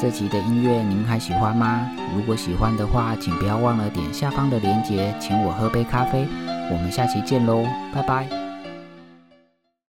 這集的音樂您還喜歡嗎？如果喜歡的話，請不要忘了點下方的鏈接，請我喝杯咖啡，我們下期見嘍，拜拜。